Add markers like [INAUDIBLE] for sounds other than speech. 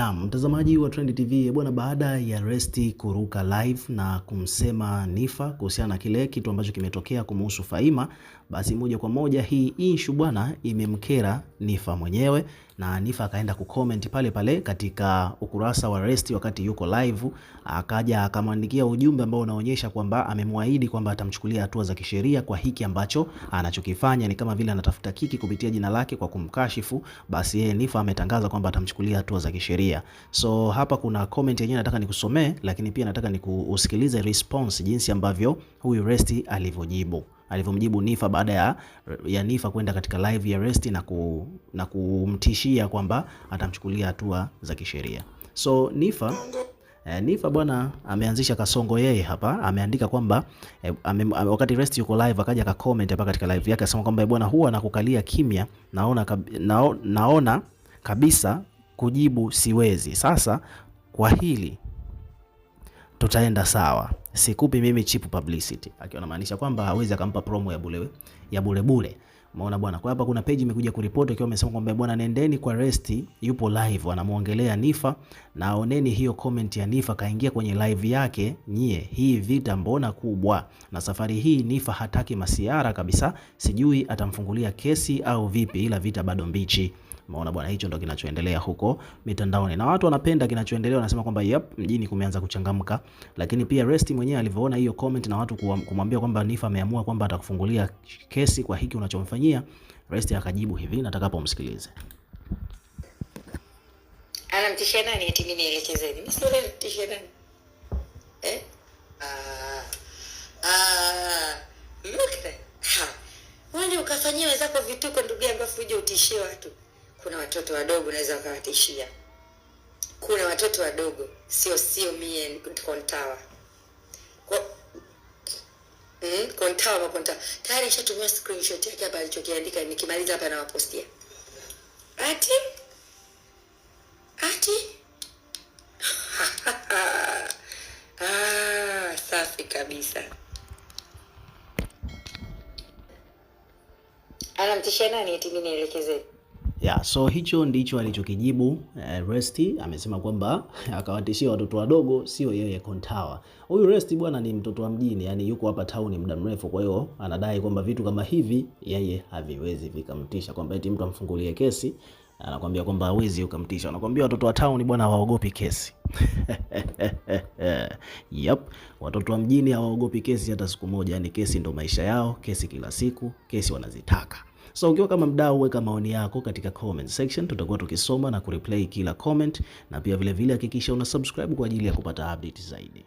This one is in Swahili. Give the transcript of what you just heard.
Naam, mtazamaji wa Trend TV bwana, baada ya Resti kuruka live na kumsema Nifa kuhusiana na kile kitu ambacho kimetokea kumuhusu Faima, basi moja kwa moja hii issue bwana imemkera Nifa mwenyewe, na Nifa akaenda kucomment pale pale katika ukurasa wa Resti wakati yuko live, akaja akamwandikia ujumbe ambao unaonyesha kwamba amemwahidi kwamba atamchukulia hatua za kisheria kwa hiki ambacho anachokifanya, ni kama vile anatafuta kiki kupitia jina lake kwa kumkashifu. Basi yeye Nifa ametangaza kwamba atamchukulia hatua za kisheria kuchangia. So hapa kuna comment yenyewe nataka nikusomee, lakini pia nataka nikusikilize response jinsi ambavyo huyu Resti alivyojibu alivyomjibu Nifa baada ya, ya Nifa kwenda katika live ya Resti na, ku, na kumtishia kwamba atamchukulia hatua za kisheria. So Nifa eh, Nifa bwana ameanzisha kasongo yeye hapa, ameandika kwamba eh, ame, ame, wakati Rest yuko live akaja ka comment hapa katika live yake akasema kwamba eh, bwana, huwa nakukalia kimya, naona, kab, nao, naona kabisa kujibu siwezi. Sasa kwa hili tutaenda sawa, sikupi mimi chipu publicity, akiwa anamaanisha kwamba hawezi akampa promo ya bule ya bule bule. Umeona bwana, kwa hapa kuna page imekuja kuripoti akiwa amesema kwamba bwana, nendeni kwa rest, yupo live anamuongelea Nifa na aoneni hiyo comment ya Nifa, kaingia kwenye live yake. Nyie hii vita mbona kubwa? Na safari hii Nifa hataki masiara kabisa, sijui atamfungulia kesi au vipi, ila vita bado mbichi. Umeona bwana, hicho ndo kinachoendelea huko mitandaoni, na watu wanapenda kinachoendelea, wanasema kwamba yep, mjini kumeanza kuchangamka. Lakini pia Rest mwenyewe alivyoona hiyo comment na watu kumwambia kwamba Niffer ameamua kwamba atakufungulia kesi kwa hiki unachomfanyia, Rest, akajibu hivi, natakapomsikilize anamtishia nani? Eti mimi nielekeze nini? Sio leo mtishia nani eh? Ah, ah, look at that. Ha. Wewe ukafanyia wenzako vituko ndugu yangu, afuje utishie watu kuna watoto wadogo naweza wakawatishia, kuna watoto wadogo, sio sio mie kontawa Mm, kontawa kwa hmm, kontawa. tayari ashatumia screenshot yake hapa alichokiandika, nikimaliza hapa nawapostia ati ati [LAUGHS] ah, safi kabisa. Anamtishia nani eti mimi nielekeze Yeah, so hicho ndicho alichokijibu eh, Resti amesema kwamba [LAUGHS] akawatishia watoto wadogo, sio yeye Kontawa. Huyu Resti bwana ni mtoto wa mjini, yani yuko hapa tauni muda mrefu, kwa hiyo anadai kwamba vitu kama hivi yeye haviwezi vikamtisha, kwamba eti mtu amfungulie kesi anakwambia kwamba hawezi ukamtisha, anakwambia watoto wa town bwana hawaogopi kesi [LAUGHS] yep. Watoto wa mjini hawaogopi kesi hata siku moja, yani kesi ndo maisha yao, kesi kila siku, kesi wanazitaka. So ukiwa kama mdau, weka maoni yako katika comment section, tutakuwa tukisoma na kureplay kila comment, na pia vilevile hakikisha una subscribe kwa ajili ya kupata update zaidi.